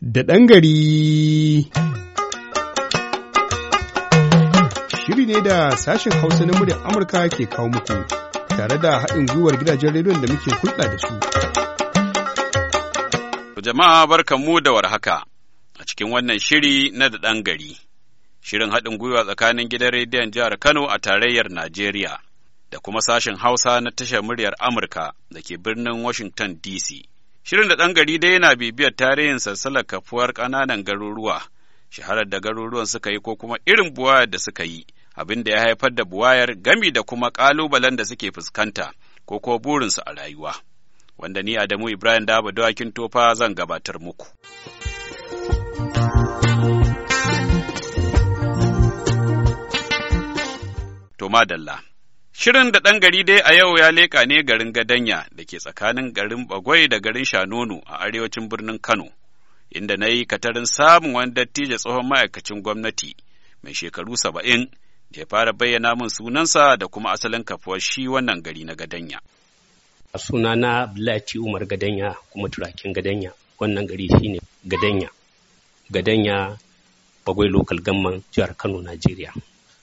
da ɗan gari. Shiri ne da sashen Hausa na muryar Amurka ke kawo muku tare da haɗin gwiwar gidajen rediyon da muke hulɗa da su. Jama'a barkanmu da warhaka a cikin wannan shiri na da ɗan gari. Shirin haɗin gwiwa tsakanin gidan rediyon jihar Kano a tarayyar Najeriya da kuma sashen Hausa na tashar muryar Amurka da ke birnin Washington DC. Shirin da ɗan gari dai yana bibiyar tarihin sassalar kafuwar ƙananan garuruwa, shaharar da garuruwan suka yi ko kuma irin buwayar da suka yi, abin da ya haifar da buwayar gami da kuma ƙalubalen da suke fuskanta ko kuma burinsu a rayuwa. Wanda ni Adamu Ibrahim Daba Dawakin Tofa zan gabatar muku. To madalla. Shirin da ɗan gari dai a yau ya leƙa ne garin Gadanya da ke tsakanin garin Bagwai da garin Shanono a arewacin birnin Kano, inda na yi katarin samun wani dattijo tsohon ma'aikacin gwamnati mai shekaru saba'in da ya fara bayyana min sunansa da kuma asalin kafuwar shi wannan gari na Gadanya. A suna na Abdullahi Umar Gadanya kuma turakin Gadanya, wannan gari shine Gadanya. Gadanya Bagwai lokal Gamman Jihar Kano, Najeriya.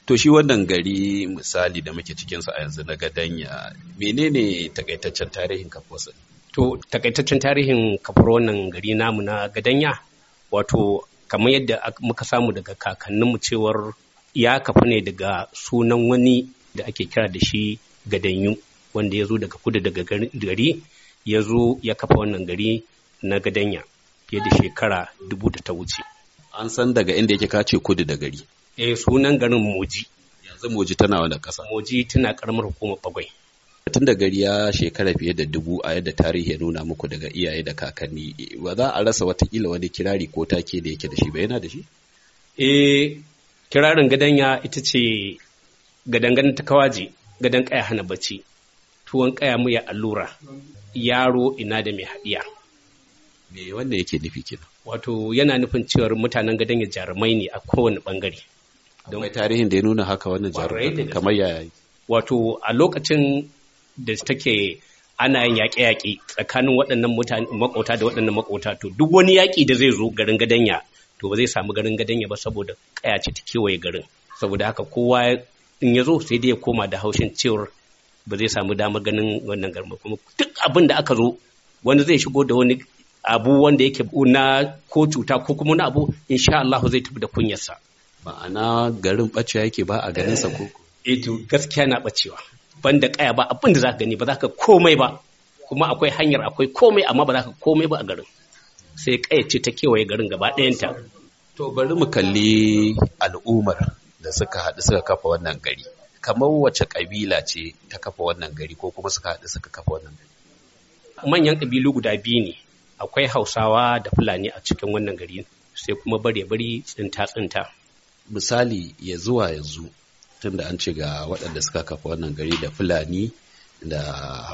To shi wannan gari misali da muke cikinsa a yanzu na gadanya menene takaitaccen tarihin kafuwarsa? To takaitaccen tarihin kafar wannan gari namu na gadanya wato kamar yadda muka samu daga kakanninmu cewar ya kafu ne daga sunan wani da ake kira da shi gadanyu wanda ya zo daga kudu daga gari ya zo ya kafa wannan gari na gadanya fiye da shekara dubu da ta wuce. An san daga inda yake kace kudu da gari. eh sunan garin moji yanzu moji tana wani ƙasa moji tana karamar hukumar bagwai tun da gari ya shekara fiye da dubu a yadda tarihi ya nuna muku daga iyaye da kakanni ba za a rasa watakila wani kirari ko take da yake da shi ba yana da shi eh kirarin gadanya ita ce gadangan ta kawaje gadan kaya hana bacci tuwon kaya mu ya allura yaro ina da mai haɗiya me wanda yake nufi kina wato yana nufin cewar mutanen gadon ya jarumai ne a kowane bangare don tarihin da ya nuna haka wannan jarumta kamar yi wato a lokacin da take ana yin yaƙe-yaƙe tsakanin waɗannan mutane makota da waɗannan makota to duk wani yaƙi da zai zo garin gadanya to ba zai samu garin gadanya ba saboda ƙaya ta kewaye garin saboda haka kowa in ya zo sai dai ya koma da haushin cewar ba zai samu damar ganin wannan garin kuma duk abin da aka zo wani zai shigo da wani abu wanda yake na ko cuta ko kuma wani abu insha Allah zai tafi da kunyarsa ma'ana garin bacewa yake ba a garin sa ko eto eh, gaskiya na bacewa banda kaya ba abinda da za ka gani ba za ka komai ba kuma akwai hanyar akwai komai amma ba za ka komai ba a garin sai kaya ce ta kewaye garin gaba ɗayanta to bari mu kalli al'ummar da suka haɗu suka kafa wannan gari kamar wace kabila ce ta kafa wannan gari ko kuma suka haɗu suka kafa wannan gari manyan kabilu guda biyu ne akwai hausawa da fulani a cikin wannan gari sai kuma bare-bari tsinta-tsinta misali ya zuwa yanzu tunda an ce ga waɗanda suka kafa wannan gari da fulani da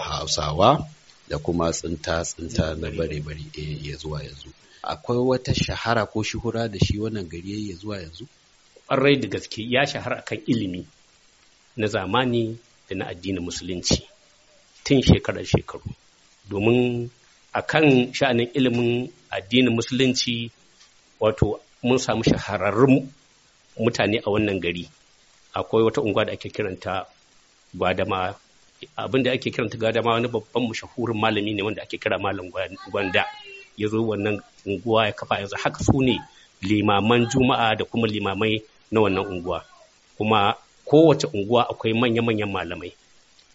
hausawa da kuma tsinta tsinta na bare bare ya zuwa yanzu akwai wata shahara ko shuhura da shi wannan gari ya zuwa yanzu ƙwarai da gaske ya shahara akan ilimi na zamani da na addinin musulunci tun shekarar shekaru domin akan sha'anin ilimin addinin musulunci wato mun samu shahararrun mutane a wannan gari akwai wata unguwa da ake kiranta gwadama abin da ake kiranta gwadama wani babban mashahurin malami ne wanda ake kira malam gwanda ya zo wannan unguwa ya kafa yanzu haka su ne limaman juma'a da kuma limamai na wannan unguwa kuma kowace unguwa akwai manya-manyan malamai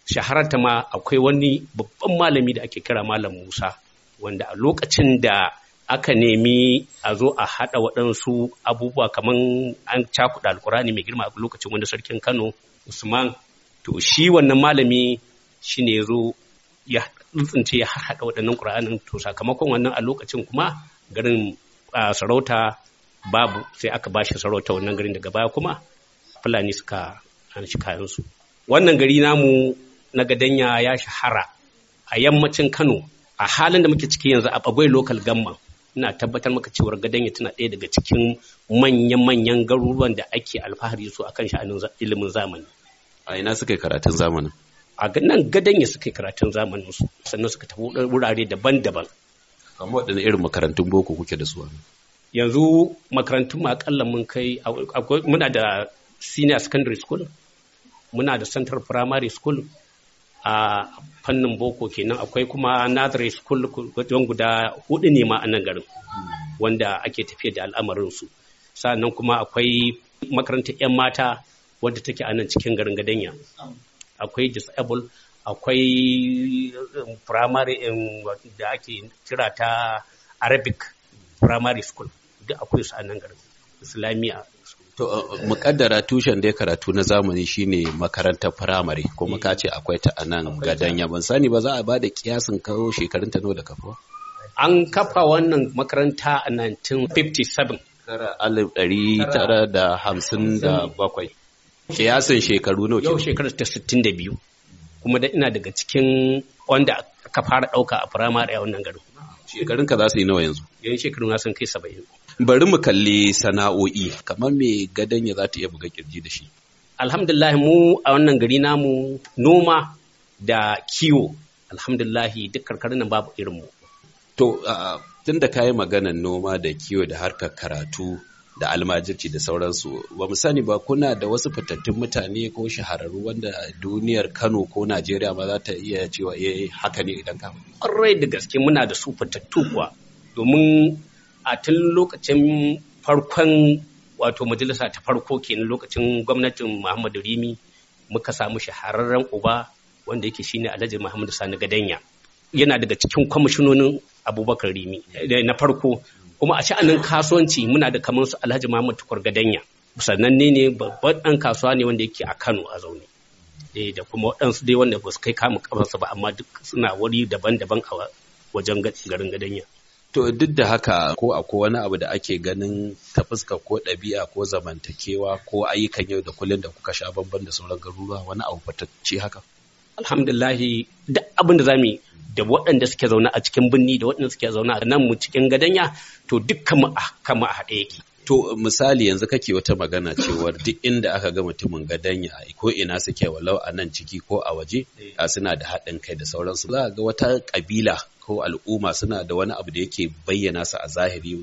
shahararta ma akwai wani babban malami da ake kira malam musa wanda a lokacin da aka nemi a zo a haɗa waɗansu abubuwa kamar an cakuɗa alkurani mai girma a lokacin wani sarkin kano usman to shi wannan malami shi ne zo ya tsuntsunce ya haɗa waɗannan ƙura'anin to sakamakon wannan a lokacin kuma garin sarauta babu sai aka ba shi sarauta wannan garin daga baya kuma fulani suka an shi kayansu wannan gari namu na gadanya ya shahara a yammacin kano a halin da muke ciki yanzu a bagwai local gamman. ina tabbatar maka cewar gadanya tana ɗaya daga cikin manya-manyan garuruwan da ake alfahari su akan sha'anin ilimin zamani a ina suka yi karatun zamanin a nan gadanya suka yi karatun zamanin su sannan suka tafi wurare daban-daban amma waɗanne irin makarantun boko kuke da su yanzu makarantun mu akalla mun kai muna da senior secondary school muna da central primary school a fannin boko kenan akwai kuma nazare school wajen guda hudu ne ma a nan garin wanda ake tafiya da al'amarin su sannan kuma akwai makarantar 'yan mata wadda take a nan cikin garin gadanya akwai disable akwai um, primary um, da ake kira ta arabic primary school duk akwai su a nan garin islamiyya To uh, uh, mukaddara tushen da ya karatu na zamani shine makarantar firamare kuma ka ce akwai ta a nan gadanya ban sani ba za a ba da kiyasin kawo shekarun ta da kafa. An kafa wannan makaranta a 1957. Alif ɗari tara da hamsin da bakwai. Kiyasin shekaru nawa. Yau shekarar ta sittin da biyu. Kuma da ina daga cikin wanda aka fara ɗauka a firamare a wannan garin. Shekarun ka za su yi nawa yanzu? Yan shekaru na sun kai saba'in. bari mu kalli sana'o'i kamar me gadanya za ta iya buga kirji da shi alhamdulillah mu a wannan gari namu noma da kiwo alhamdulillah duk karkarin nan babu irin mu to tun da kayi maganar noma da kiwo da harkar karatu da almajirci da sauransu ba mu sani ba kuna da wasu fitattun mutane ko shahararru wanda duniyar kano ko najeriya ma za ta iya cewa eh haka ne idan ka ƙwarai da gaske muna da su fitattu kuwa domin a tun lokacin farkon wato majalisa ta farko kenan lokacin gwamnatin Muhammadu Rimi muka samu shahararren uba wanda yake shine Alhaji Muhammadu Sani Gadanya yana daga cikin kwamishinonin Abubakar Rimi eh, na farko kuma a sha'anin kasuwanci muna da kamar su Alhaji Muhammadu Tukur Gadanya sannan ne ne babban ɗan kasuwa ne wanda yake a Kano a zaune eh, da kuma waɗansu dai wanda ba su kai kamun kafansu ba amma duk suna wuri daban-daban a wajen garin Gadanya. To duk da haka ko akwai wani abu da ake ganin ta fuska ko ɗabi'a ko zamantakewa ko ayyukan yau da kullum da kuka sha bamban da sauran garuruwa wani abu fatacce haka? Alhamdulillahi duk abin da zamu yi da waɗanda suke zaune a cikin birni da waɗanda suke zaune a nan mu cikin gadanya to duk kama a haɗe yake. to misali yanzu kake wata magana cewar duk inda aka ga mutumin gadanya ko ina suke walau a nan ciki ko a waje a suna da haɗin kai da sauransu za ga wata ƙabila ko al'umma suna da wani abu da yake bayyana su a zahiri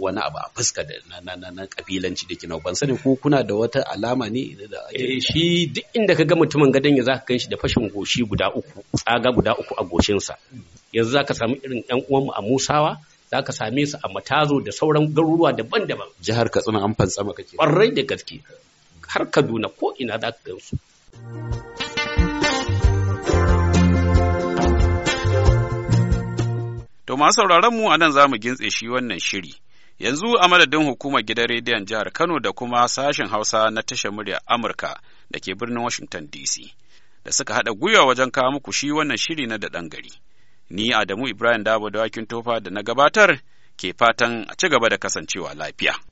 wani abu a fuska da na na kabilanci da kinau ban sani ko kuna da wata alama ne da eh, shi duk inda ka ga mutumin gadanya zaka gan shi da fashin goshi guda uku tsaga guda uku a goshinsa. sa yanzu ka samu irin ɗan uwanmu a Musawa za ka same su a matazo da sauran garuruwa daban-daban jihar katsina an fantsama kake ƙwarai da gaske har kaduna ko ina za ka gansu to masu sauraron mu a nan za mu gintse shi wannan shiri yanzu a madadin hukumar gidan rediyon jihar kano da kuma sashen hausa na tashar murya amurka da ke birnin washington dc da suka haɗa gwiwa wajen kawo muku shi wannan shiri na da ɗan gari ni Adamu Ibrahim Dabo da Wakin Tofa da na gabatar ke fatan a ci gaba da kasancewa lafiya.